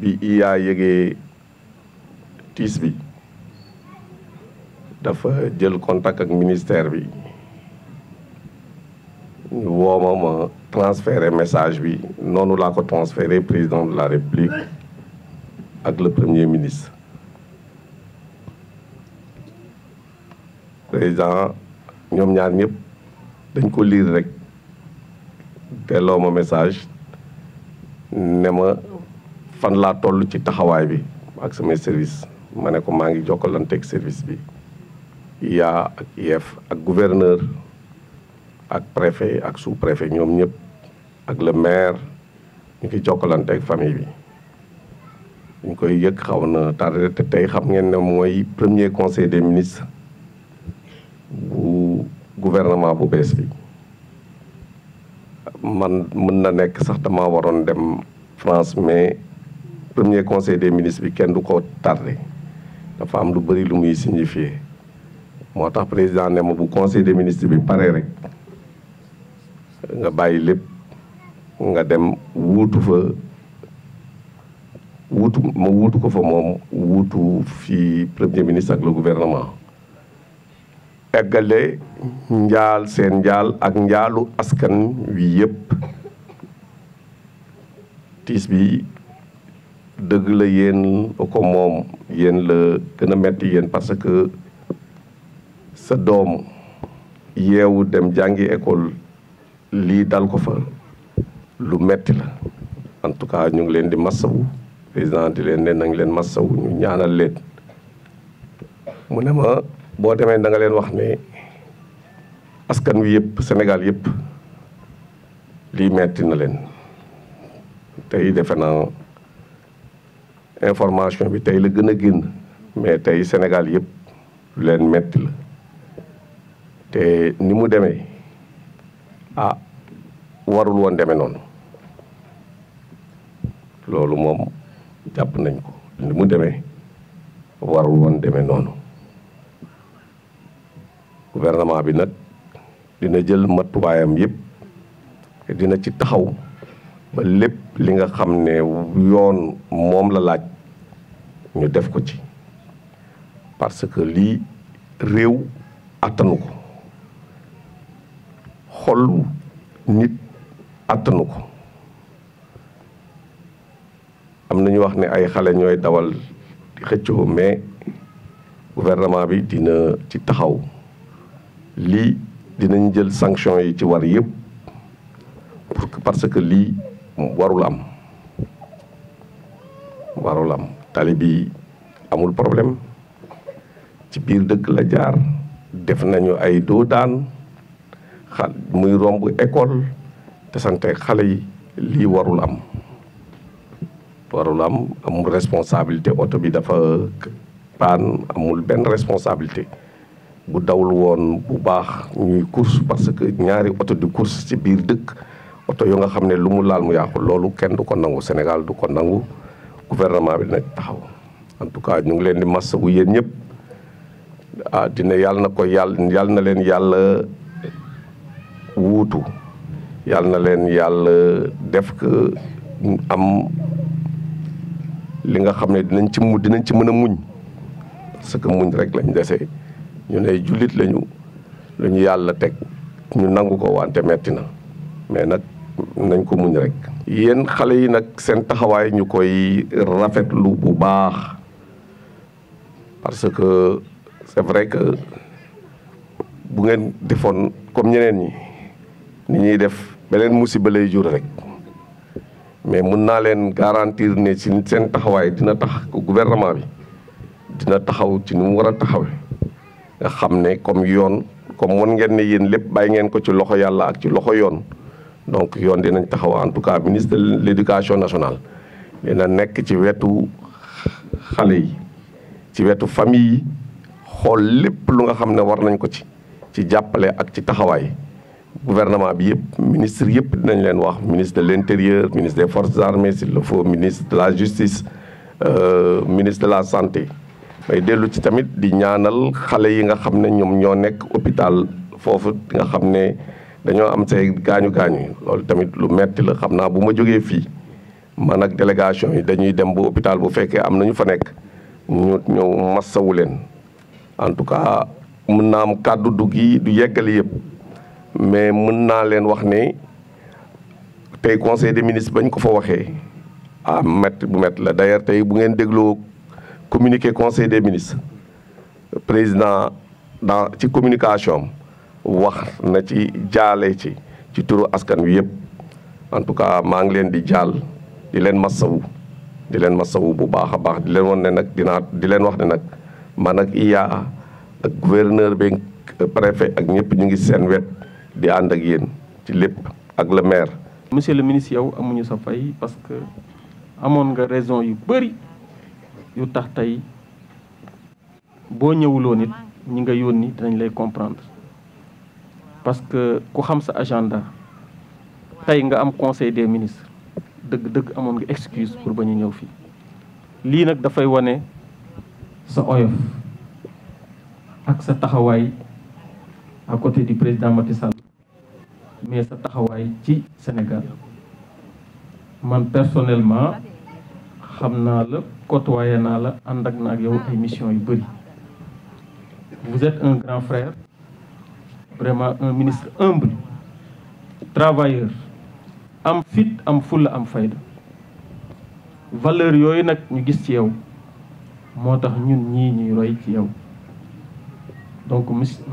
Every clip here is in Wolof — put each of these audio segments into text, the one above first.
bi iyaa yëgee tiis bi dafa jël contact ak ministère bi ñu wooma ma message bi noonu laa ko transféré président de la république ak le premier ministre président ñoom ñaar ñëpp dañ ko liir rek delloo ma message ne ma fan laa toll ci taxawaay bi ak samay service ma ne ko maa ngi jokkalante service bi IA ak IEF ak gouverneur ak préfet ak sous préfet ñoom ñëpp ak le maire ñu ngi jokkalante famille bi ñu koy yëg xaw na tardé te tey xam ngeen ne mooy premier conseil des ministres bu gouvernement bu bees bi man mën na nekk sax dama waroon dem France mais premier conseil des ministres bi kenn du ko tardé dafa am lu bari lu muy signifié moo tax président ne ma bu conseil des ministres bi pare rek nga bàyyi lépp nga dem wuutu fa wuutu ma wuutu ko fa moom wuutu fi premier ministre ak le gouvernement eggale njaal seen njaal ak njaalu askan wi yëpp tiis bi dëgg la yéen ko moom yéen la gën a metti yéen parce que sa doom yeewu dem jàngi école lii dal ko fa lu metti la en tout cas ñu ngi leen di massawu président di leen ne nañ leen massawu ñu ñaanal leen mu ne ma boo demee da nga leen wax ne askan wi yëpp Sénégal yëpp lii metti na leen tey defe naa information bi tey la gën a génn mais tey Sénégal yëpp leen metti la te ni mu demee ah warul woon demee noonu loolu moom jàpp nañ ko ni mu demee warul woon demee noonu gouvernement bi nag dina jël matuwaayam yëpp dina ci taxaw ba lépp li nga xam ne yoon moom la laaj ñu def ko ci parce que lii réew attanu ko xol nit attanu ko am na ñu wax ne ay xale ñooy dawal di xëccoo mais gouvernement bi dina ci taxaw lii dinañ jël sanction yi ci war yëpp pour parce que lii warul am warul am tali bi amul problème ci biir dëkk la jaar def nañu ay doodaan xa muy romb école te sante xale yi lii warul am warul am amul responsabilité oto bi dafa paan amul benn responsabilité bu dawul woon bu baax ñuy course parce que ñaari oto di course ci biir dëkk oto yoo nga xam ne lu mu laal mu yàqu loolu kenn du ko nangu Sénégal du ko nangu gouvernement bi nag taxaw en tout cas ñu ngi leen di masawu yéen ñëpp ah dina yàlla na ko yàlla yàlla na leen yàlla wuutu yàlla na leen yàlla def que am li nga xam ne dinañ ci mu dinañ ci mën a muñ parce que muñ rek lañ dese ñu ne jullit lañu lu ñu yàlla teg ñu nangu ko wante metti na mais nag nañ ko muñ rek. yéen xale yi nag seen taxawaay ñu koy rafet lu bu baax parce que c'est vrai que bu ngeen defoon comme ñeneen ñi ni ñuy def beneen musiba lay jur rek mais mun naa leen garantir ne si seen taxawaay dina tax gouvernement bi dina taxaw ci nu mu war a taxawe nga xam ne comme yoon comme wan ngeen ne yéen lépp bàyyi ngeen ko ci loxo yàlla ak ci loxo yoon. donc yoon dinañ taxaw en tout cas ministre de l' nationale dina nekk ci wetu xale yi ci wetu famille yi xool lépp lu nga xam ne war nañ ko ci ci jàppale ak ci taxawaay gouvernement bi yëpp ministre yëpp dinañ leen wax ministre de l' intérieur ministre des forces armées s'il le faut ministre de la justice euh, ministre de la santé may dellu ci tamit di ñaanal xale yi nga xam ne ñoom ñoo nekk hôpital foofu nga xam ne dañoo am say gaañu gaañu loolu tamit lu metti la xam naa bu ma jógee fii man ak délégation yi dañuy dem bu hôpital bu fekkee am na ñu fa nekk ñu ñëw massawu leen en tout cas mën naa am kàddu du gi du yeggali yëpp mais mën naa leen wax ne tey conseil des ministres bañ ko fa waxee ah mett bu mett la d'ailleurs tey bu ngeen dégloo communiqué conseil des ministres président dans ci communication am wax na ci jaale ci ci turu askan wi yëpp en tout cas maa ngi leen di jaal di leen masawu di leen masawu bu baax a baax di leen nag dinaa di leen wax ne nag man ak iyaa ak gouverneur bi euh, préfet ak ñëpp ñu ngi seen wet di ànd ak yéen ci lépp ak le maire. monsieur le ministre yow amuñu sa fay parce que amoon nga raison yu bëri yu tax tey boo ñëwuloon it ñi nga yónni dinañ lay comprendre. parce que ku xam sa agenda tey nga am conseil des ministres dëgg-dëgg amoon nga excuse pour ba ñu ñëw fii lii nag dafay wane sa oyof ak sa taxawaay à côté du président Macky Sall mais sa taxawaay ci Sénégal man personnellement xam naa la côtoyé naa la ànd ak na ak yow ay mission yu bëri vous êtes un grand frère vraiment un ministre humble travailleur am fit am fulla am fayda valeur yooyu nag ñu gis ci yow moo tax ñun ñii ñuy roy ci yow donc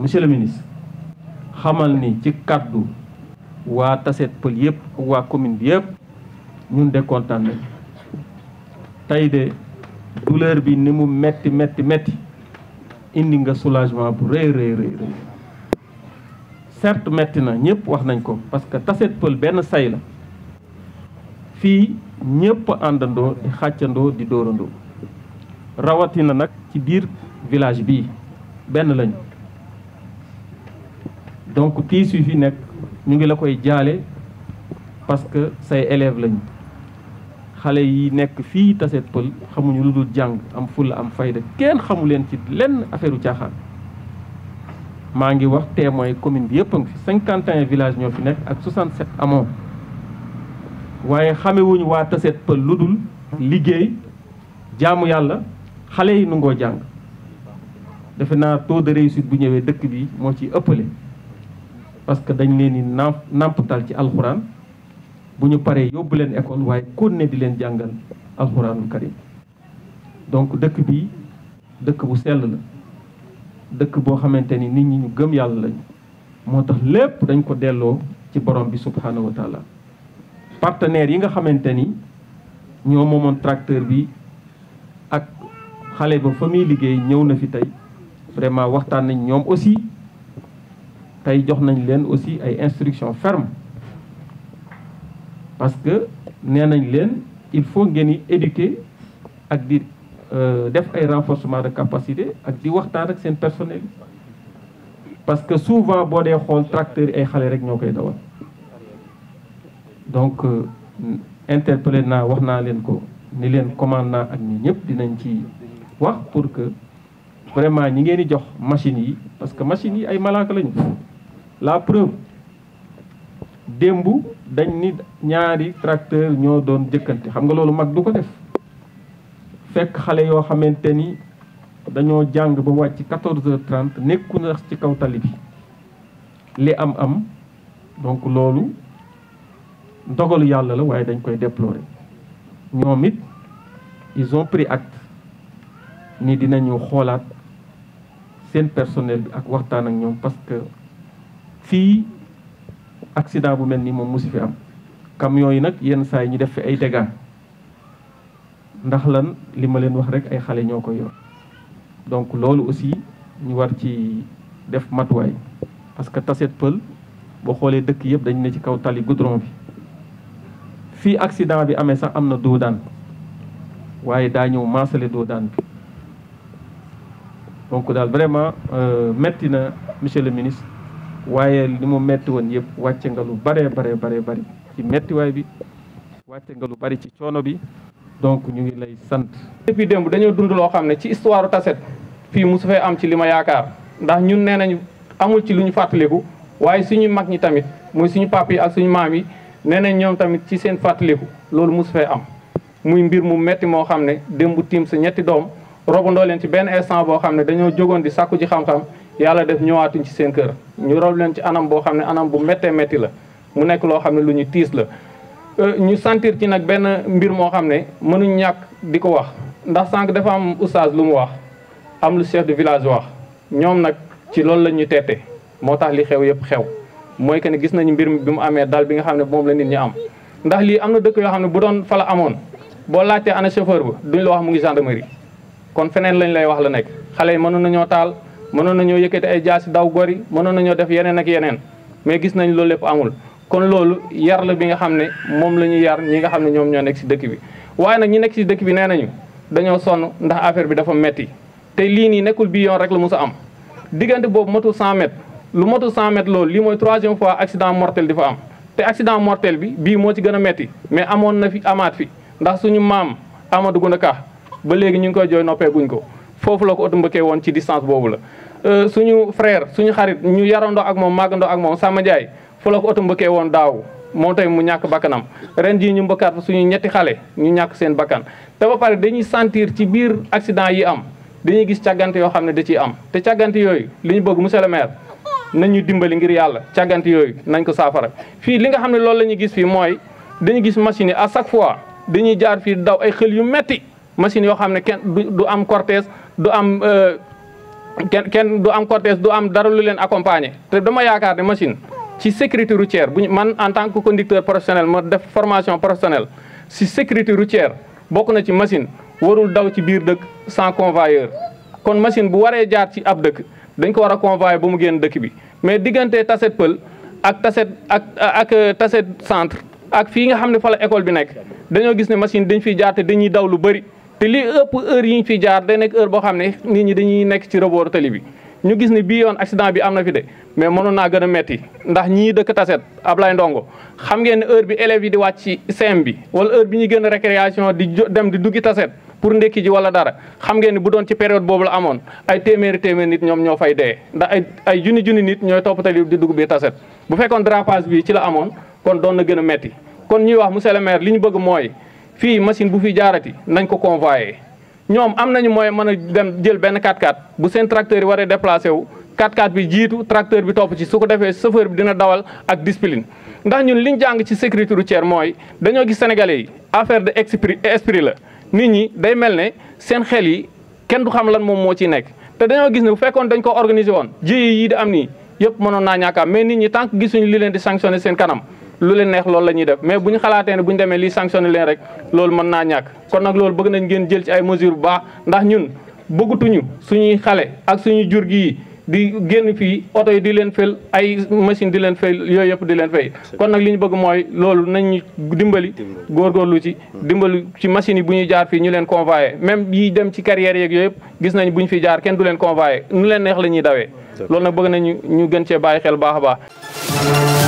monsieur le ministre xamal ni ci kàddu waa Tassette Pël yëpp waa commune bi yëpp ñun de kontaan nañ tey de douleur bi ni mu metti metti metti indi nga soulagement bu rëy rëy rëy certes metti na ñëpp wax nañ ko parce que taset pël benn say la fii ñëpp àndandoo di xàccandoo di dóorandoo rawatina nag ci biir village bi benn lañu donc tiis yu fi nekk ñu ngi la koy jaale parce que say élèves lañu xale yi nekk fii taset pël xamuñu lu dul jàng am fulla am fayda kenn xamu leen ci lenn affaire u maa ngi wax témoin commune bi yëpp a ngi fi 51 villages ñoo fi nekk ak 67 amoon waaye xamewuñu waa taseet pël lu dul liggéey jaamu yàlla xale yi nu ngoo jàng defe naa taux de réussite bu ñëwee dëkk bi moo ci ëppale parce que dañ leen di namp nampatal ci alxuraan bu ñu paree yóbbu leen école waaye continuer di leen jàngal alxuraanul karim donc dëkk bi dëkk bu sell la dëkk boo xamante ni nit ñi ñu gëm yàlla lañu moo tax lépp dañ ko delloo ci borom bi subhanahu wa partenaires yi nga xamante ni ñoo moomoon tracteur bi ak xale ba fa muy liggéey ñëw na fi tey vraiment waxtaan nañ ñoom aussi tey jox nañ leen aussi ay instructions ferm parce que nee nañ leen il faut ngeen di éduquer ak di Euh, def ay renforcement de capacité ak di waxtaan ak seen personnel yi parce que souvent boo dee xool tracteurs yi ay xale rek ñoo koy dawal donc euh, interpellé naa wax naa leen ko ni leen commandant ak ñi ñëpp dinañ ci wax pour que vraiment ñi ngeen di jox machines yi parce que machine yi ay malaaka lañu la preuve démb dañ ni ñaari tracteur ñoo doon jëkkante xam nga loolu mag du ko def fekk xale yoo xamante ni dañoo jàng ba wàcc 14h30 nekku na ci kaw tali bi li am am donc loolu ndogalu yàlla la waaye dañ koy déplorer ñoom it ils ont pris acte ni dinañu xoolaat seen personnel bi ak waxtaan ak ñoom parce que fii accident bu mel ni moom musu fi am camion yooyu nag yenn saa yi ñu def fi ay dégâts ndax lan li ma leen wax rek ay xale ñoo koy yor donc loolu aussi ñu war ci def matuwaay parce que Tassette pël boo xoolee dëkk yëpp dañ ne ci kaw tali goudron bi fii accident bi amee sax am na doo daan waaye daa ñëw maasale doo daan bi donc daal vraiment euh, metti na monsieur le ministre waaye li mu metti woon yëpp wàcce nga lu bare bare bare bari ci mettiwaay bi wàcce nga lu bari ci coono bi donc ñu ngi lay sant. depuis démb dañoo dund loo xam ne ci histoire taset fii mosu fee am ci lima yaakaar ndax ñun nee nañu amul ci lu ñu fàttaliku waaye suñu mag ñi tamit mooy suñu papa yi ak suñu maam yi nee nañ ñoom tamit ci seen fàttaliku loolu mosu fee am. muy mbir mu metti moo xam ne démb tiim sa ñetti doom robandoo leen ci benn instant boo xam ne dañoo jógoon di sàkku ji xam-xam yàlla def ñëwaatuñ ci seen kër ñu rob leen ci anam boo xam ne anam bu méttee métti la mu nekk loo xam ne lu ñu tiis la. Euh, ñu sentir ci nag benn mbir moo xam ne mënuñ ñàkk di ko wax ndax sànq dafa am oustaz lu mu wax am lu chef de village wax ñoom nag ci loolu la ñu teete moo tax li xew yëpp xew mooy que ne gis nañu mbir mi bi mu amee dal bi nga xam ne moom la nit ñi am ndax lii am na dëkk yoo xam ne bu doon fala amoon boo laajtee ana chauffeur ba duñ la wax mu ngi gendarmerie kon feneen lañ lay wax la nekk xale yi mënoon nañoo taal mënoon nañoo yëkkati ay jaas daw gor yi mënoon nañoo def yeneen ak yeneen mais gis nañ loolu lépp amul kon loolu yar la bi nga xam ne moom la ñuy yar ñi nga xam ne ñoom ñoo nekk ci dëkk bi waaye nag ñi nekk ci dëkk bi nee nañu dañoo sonn ndax affaire bi dafa metti te lii nii nekkul bi yoon rek la mu a am diggante boobu matul 100 lu matul 100 loolu lii mooy troisième fois accident mortel di fa am te accident mortel bi bii moo ci gën a metti mais amoon na fi amaat fi ndax suñu maam Amadou Gunda Ka ba léegi ñu ngi koy jooy noppee ko foofu la ko oto mbëkkee woon ci distance boobu la euh, suñu frère suñu xarit ñu yarandoo ak moom màggandoo ak moom Sama Ndiaye fu oto mbëkkee woon daaw moo tey mu ñàkk bakkanam ren jii ñu mbëkkaat fa suñu ñetti xale ñu ñàkk seen bakkan te ba pare dañuy sentir ci biir accident yi am dañuy gis càggante yoo xam ne da ciy am te càggante yooyu li ñu bëgg monsieur le maire nañu dimbali ngir yàlla càggante yooyu nañ ko saafara fii li nga xam ne loolu la ñuy gis fii mooy dañuy gis machine yi à chaque fois dañuy jaar fii daw ay xël yu metti machine yoo xam ne kenn du am cortège du am euh, kenn kenn du am du am dara lu leen accompagner te dama yaakaar ne machine ci sécurité routière bu man en tant que conducteur professionnel ma def formation professionnelle si sécurité routière bokk na ci machine warul daw ci biir dëkk sans convoyeur kon machine bu waree jaar ci ab dëkk dañ ko war a convoyer ba mu génn dëkk bi mais diggante Tassette Pël ak Tassette ak ak Tassette centre ak fii nga xam ne fa école bi nekk dañoo gis ne machine dañ fiy jaar te dañuy daw lu bëri te li ëpp heure yi ñu fiy jaar day nekk heure boo xam ne nit ñi dañuy nekk ci rebooru tali bi ñu gis ne bii yoon accident bi am na fi de mais mënoon naa gën a metti ndax ñii dëkk Tassette Ablaye Ndongo xam ngeen ne heure bi élèves yi di wàcc ci CM bi wala heure bi ñu gën a récréation di dem di duggi taset pour ndekki ji wala dara xam ngeen ne bu doon ci période boobu la amoon ay téeméeri téeméeri nit ñoom ñoo fay dee ndax ay ay junni junni nit ñooy toppatali di dugg bi taset bu fekkoon drapage bi ci la amoon kon doon na gën a metti kon ñuy wax monsieur le li ñu bëgg mooy fii machine bu fi jaarati nañ ko convoyé ñoom am nañu mooy mën a dem jël benn 4 x bu seen yi waree déplacé wu 4x4 bi jiitu tracteur bi topp ci su ko defee chauffeur bi dina dawal ak discipline ndax ñun liñ jàng ci sécurité routière mooy dañoo gis sénégale yi affaire de esprit esprit la nit ñi day mel ne seen xel yi kenn du xam lan moom moo ciy nekk te dañoo gis ne bu fekkoon dañ ko organiser woon jiyi yii di am nii yëpp mënoon naa ñàkkaam mais nit ñi tant que gisuñu li leen di sanctionner seen kanam lu leen neex lool la ñuy def mais bu ñu xalaatee ne bu ñu demee lii sanctionné rek loolu mën naa ñàkk kon nag loolu bëgg nañ ngeen jël ci ay mesures bu ndax ñun bëggatuñu suñuy xale ak suñu jur gi di génn fii oto yi di leen fay ay machine di leen fay yooyu yëpp di leen fay kon nag li ñu bëgg mooy loolu nañu dimbali góorgóorlu ci hmm. dimbali ci machine yi bu ñuy jaar fii ñu leen convoyé même yi dem ci carrière yeeg yooyu yëpp gis nañ bu ñu fi jaar kenn du leen convoyé nu leen neex la ñuy dawee loolu nag bëgg nañu ñu gën cee bàyyi xel baax a baax